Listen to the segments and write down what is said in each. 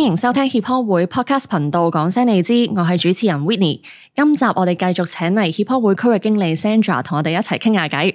歡迎收聽協康會 Podcast 頻道，講聲你知，我係主持人 Whitney。今集我哋繼續請嚟協康會區域經理 Sandra 同我哋一齊傾下偈。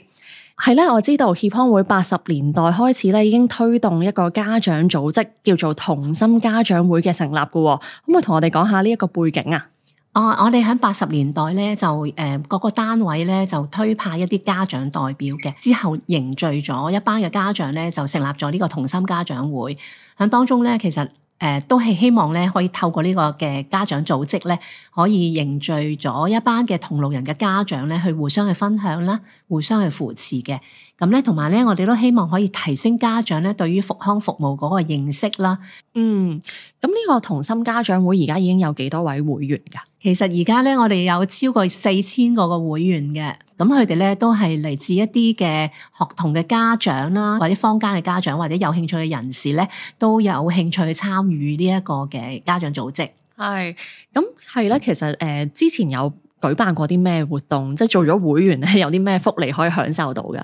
係咧，我知道協康會八十年代開始咧已經推動一個家長組織叫做同心家長會嘅成立噶。可唔可以同我哋講下呢一個背景啊？哦，我哋喺八十年代咧就誒、呃，各個單位咧就推派一啲家長代表嘅，之後凝聚咗一班嘅家長咧就成立咗呢個同心家長會。喺當中咧，其實～誒、呃，都係希望咧，可以透過呢個嘅家長組織咧，可以凝聚咗一班嘅同路人嘅家長咧，去互相去分享啦，互相去扶持嘅。咁咧，同埋咧，我哋都希望可以提升家長咧對於復康服務嗰個認識啦。嗯，咁呢個同心家長會而家已經有幾多位會員㗎？其實而家咧，我哋有超過四千個嘅會員嘅，咁佢哋咧都係嚟自一啲嘅學童嘅家長啦，或者坊間嘅家長，或者有興趣嘅人士咧，都有興趣去參與呢一個嘅家長組織。係，咁係咧。其實誒，呃，之前有舉辦過啲咩活動，即係做咗會員咧，有啲咩福利可以享受到噶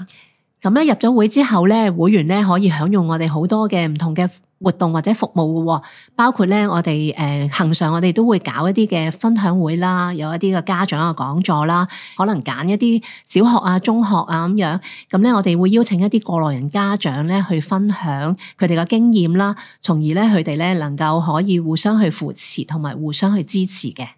咁咧入咗會之後咧，會員咧可以享用我哋好多嘅唔同嘅。活動或者服務嘅，包括咧我哋誒，呃、恆常我哋都會搞一啲嘅分享會啦，有一啲嘅家長嘅講座啦，可能揀一啲小學啊、中學啊咁樣，咁咧我哋會邀請一啲過來人家長咧去分享佢哋嘅經驗啦，從而咧佢哋咧能夠可以互相去扶持同埋互相去支持嘅。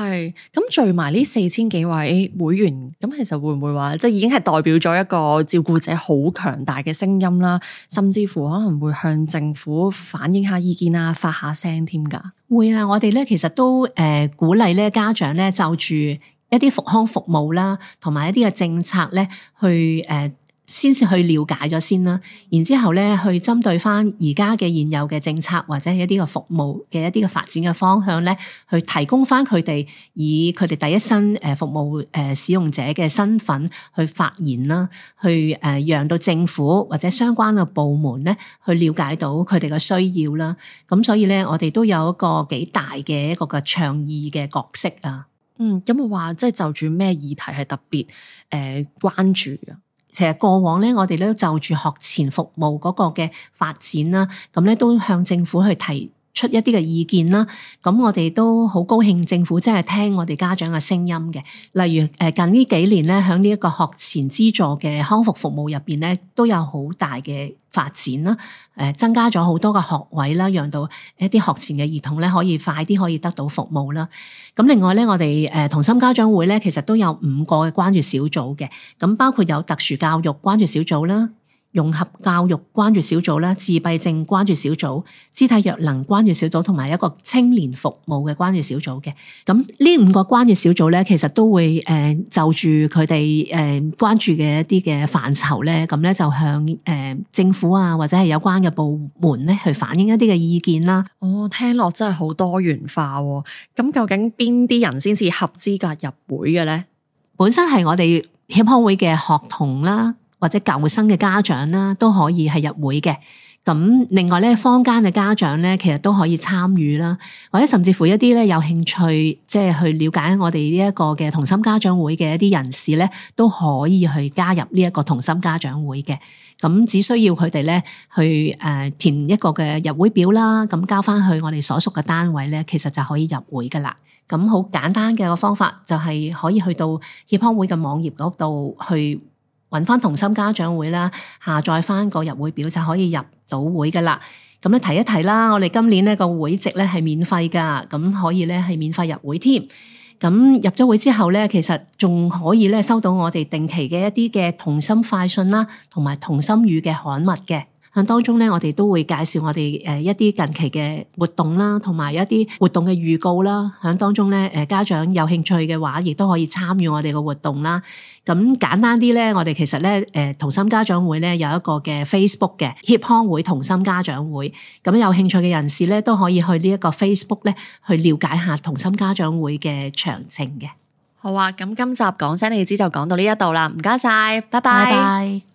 係咁聚埋呢四千幾位會員，咁其實會唔會話即係已經係代表咗一個照顧者好強大嘅聲音啦？甚至乎可能會向政府反映下意見啊，發下聲添㗎？會啊，我哋咧其實都誒、呃、鼓勵咧家長咧就住一啲復康服務啦，同埋一啲嘅政策咧去誒。呃先至去了解咗先啦，然之後咧去針對翻而家嘅現有嘅政策或者係一啲嘅服務嘅一啲嘅發展嘅方向咧，去提供翻佢哋以佢哋第一身誒服務誒使用者嘅身份去發言啦，去誒讓到政府或者相關嘅部門咧去了解到佢哋嘅需要啦。咁所以咧，我哋都有一個幾大嘅一個嘅倡議嘅角色啊。嗯，咁我話即係就住、是、咩議題係特別誒、呃、關注嘅？其實過往呢，我哋都就住學前服務嗰個嘅發展啦，噉呢都向政府去提出一啲嘅意見啦，咁我哋都好高興政府真係聽我哋家長嘅聲音嘅。例如，誒近呢幾年咧，喺呢一個學前資助嘅康復服務入邊咧，都有好大嘅發展啦。誒、呃、增加咗好多嘅學位啦，讓到一啲學前嘅兒童咧可以快啲可以得到服務啦。咁另外咧，我哋誒、呃、同心家長會咧，其實都有五個嘅關注小組嘅，咁包括有特殊教育關注小組啦。融合教育關注小組啦，自閉症關注小組，肢體弱能關注小組，同埋一個青年服務嘅關注小組嘅。咁呢五個關注小組咧，其實都會誒、呃、就住佢哋誒關注嘅一啲嘅範疇咧，咁咧就向誒、呃、政府啊或者係有關嘅部門咧去反映一啲嘅意見啦。哦，聽落真係好多元化啊。咁究竟邊啲人先至合資格入會嘅咧？本身係我哋協康會嘅學童啦。或者舊生嘅家長啦，都可以係入會嘅。咁另外咧，坊間嘅家長咧，其實都可以參與啦。或者甚至乎一啲咧有興趣，即係去了解我哋呢一個嘅同心家長會嘅一啲人士咧，都可以去加入呢一個同心家長會嘅。咁只需要佢哋咧去誒填一個嘅入會表啦，咁交翻去我哋所屬嘅單位咧，其實就可以入會噶啦。咁好簡單嘅個方法就係可以去到協康會嘅網頁嗰度去。搵翻同心家長會啦，下載翻個入會表就可以入到會噶啦。咁咧提一提啦，我哋今年咧個會籍咧係免費噶，咁可以咧係免費入會添。咁入咗會之後咧，其實仲可以咧收到我哋定期嘅一啲嘅同心快訊啦，同埋同心語嘅刊物嘅。響當中咧，我哋都會介紹我哋誒一啲近期嘅活動啦，同埋一啲活動嘅預告啦。響當中咧，誒家長有興趣嘅話，亦都可以參與我哋嘅活動啦。咁簡單啲咧，我哋其實咧，誒同心家長會咧有一個嘅 Facebook 嘅 Hip 康會同心家長會，咁有興趣嘅人士咧都可以去呢一個 Facebook 咧去了解下同心家長會嘅詳情嘅。好啊，咁今集講聲你知就講到呢一度啦，唔該晒，拜拜。Bye bye bye bye.